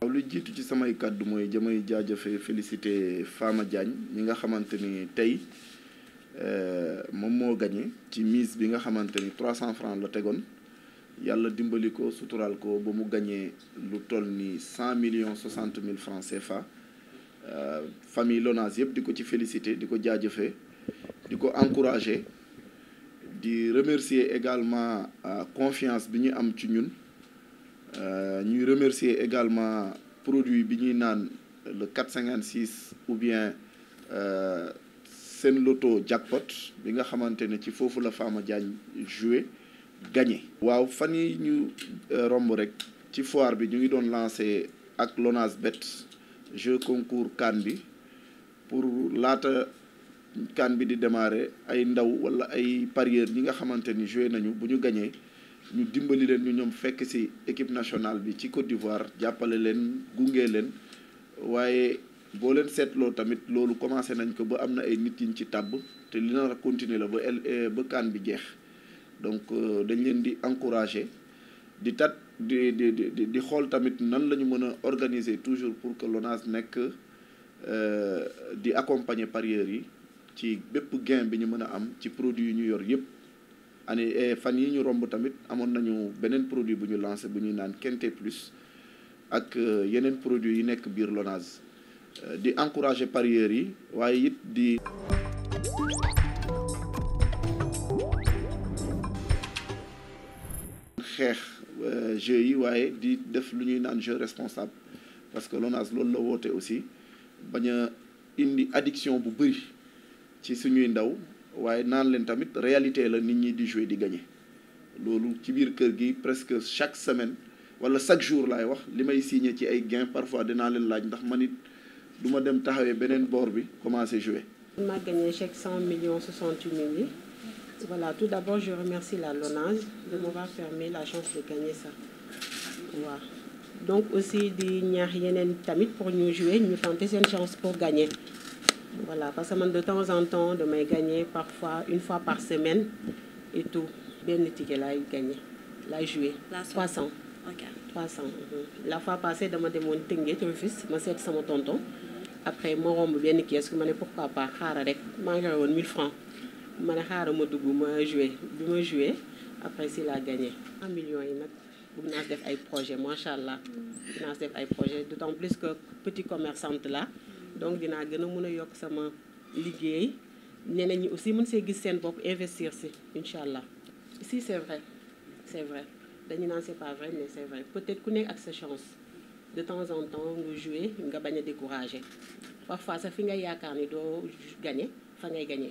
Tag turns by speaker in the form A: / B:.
A: waaw lu jiitu ci samay kàddu mooy jëmay jaajëfe félicité Fama Diagne ñi nga xamante ni tey euh, moom moo gagné ci mise bi nga xamante ni 300 francs la tegoon yàlla dimbali ko suturaal ko ba mu gañee lu toll ni cent million 60 mille francs CFA euh, famille Lonase yëpp di ko ci félicité di ko jaajëfee di ko encouragé. di remercier également euh, confiance bi ñu am ci ñun euh, ñuy remercier également produit bi ñuy naan le 456 ou bien euh, seen loto jackpot bi nga xamante ne ci foofu la Fama Diagne joué gagné. waaw fan yi ñu romb rek ci foire bi ñu ngi doon lancé ak Lonase Bet jeu concours CAN bi pour laata. kan bi di démarrer ay ndaw wala ay parieur ñi nga xamante ni joué nañu bu ñu gañee ñu dimbali leen ñu ñoom fekk ci équipe nationale bi ci Côte d'Ivoire jàppale leen gunge leen waaye boo leen seetloo tamit loolu commencé nañ ko ba am na ay nit yiñ ci tàbb te li na a continuer la ba eh, ba bi jeex donc euh, dañ leen di encourager di tat di di di di xool tamit nan la ñu mën a organiser toujours pour que l'ONAS nekk euh, di accompagner parieurs yi ci bépp gain bi ñu mën a am ci produit yu ñu yor yëpp année eh, fan yi ñu romb tamit amoon nañu beneen produit bu ñu lancé bu ñuy naan Quinté Plus ak euh, yeneen produit yi nekk biir Lonase euh, di encourager parieurs yi waaye it di xeex euh, jeu yi waaye di def lu ñuy naan jeu responsable parce que Lonase loolu la woote aussi bañ a indi addiction bu bëri ci suñuy ndaw waaye naan leen tamit réalité la nit ñi di jouer di gagner loolu ci biir kër gi presque chaque semaine wala chaque jour laay wax li may signé ci ay gain parfois dinaa leen laaj ndax ma it du ma dem taxawee beneen boor bi commencer jouer.
B: ma gagné chèque 100 millions 68 mille voilà tout d'abord je remercie la LONASE de m'avoir permis la chance de gagner ça waaw donc aussi di ñaax yeneen tamit pour ñu jouer ñu tenter seen chance pour gagner. voilà parce que man de temps en temps damay gagner parfois une fois par semaine et tout benn ticket laay gagner laay jouer. la 300 ok 300. Mhm. la fois passée dama demoon Tëngéej Rufisque ma seet sama tonton après ma romb benn caisse ma ne pourquoi par xaaral rek maa ngi woon 1000 francs ma ne xaaral ma dugg ma jouer bi ma jouer après si laa gagné. 1 million yi nag bëgg naa def ay projet macha allah bëgg naa def ay projet d'autant plus que petit commerçante la donc dinaa gën a mun a yokk sama liggéey ñeneen ñi aussi mën see gis seen bopp investir si incha allah si c' est vrai c' vrai dañu naan c' est pas vrai mais c' vrai peut être ku nekk ak sa chance de temps en temps nga jouer nga bañ a découragé parfois sax fi nga yaakaar ni doo gagné fa ngay gagné.